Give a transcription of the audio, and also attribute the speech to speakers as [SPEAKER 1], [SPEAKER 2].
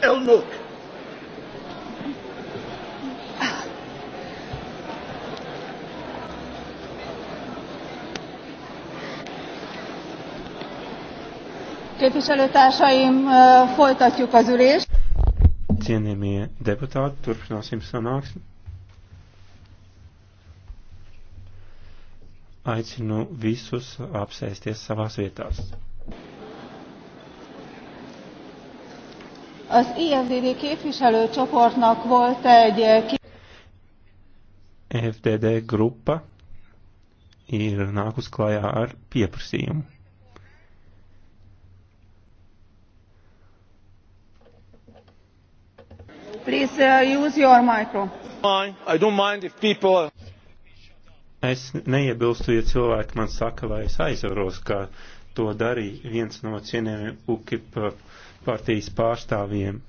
[SPEAKER 1] Elnök!
[SPEAKER 2] Képviselőtársaim, folytatjuk az ülést.
[SPEAKER 3] Cienījamie deputāti, turpināsim sanāksmi. Aicinu visus apsēsties savās vietās.
[SPEAKER 4] Az IFDD képviselőcsoportnak volt egy... Eh,
[SPEAKER 3] FDD grupa ir nākus klājā ar pieprasījumu.
[SPEAKER 5] Please uh, use your micro.
[SPEAKER 1] I don't mind if
[SPEAKER 3] people... Es neiebilstu, ja cilvēki man saka, vai es aizvaros, ka to darīja viens no cienējumiem UKIP partijas pārstāvjiem.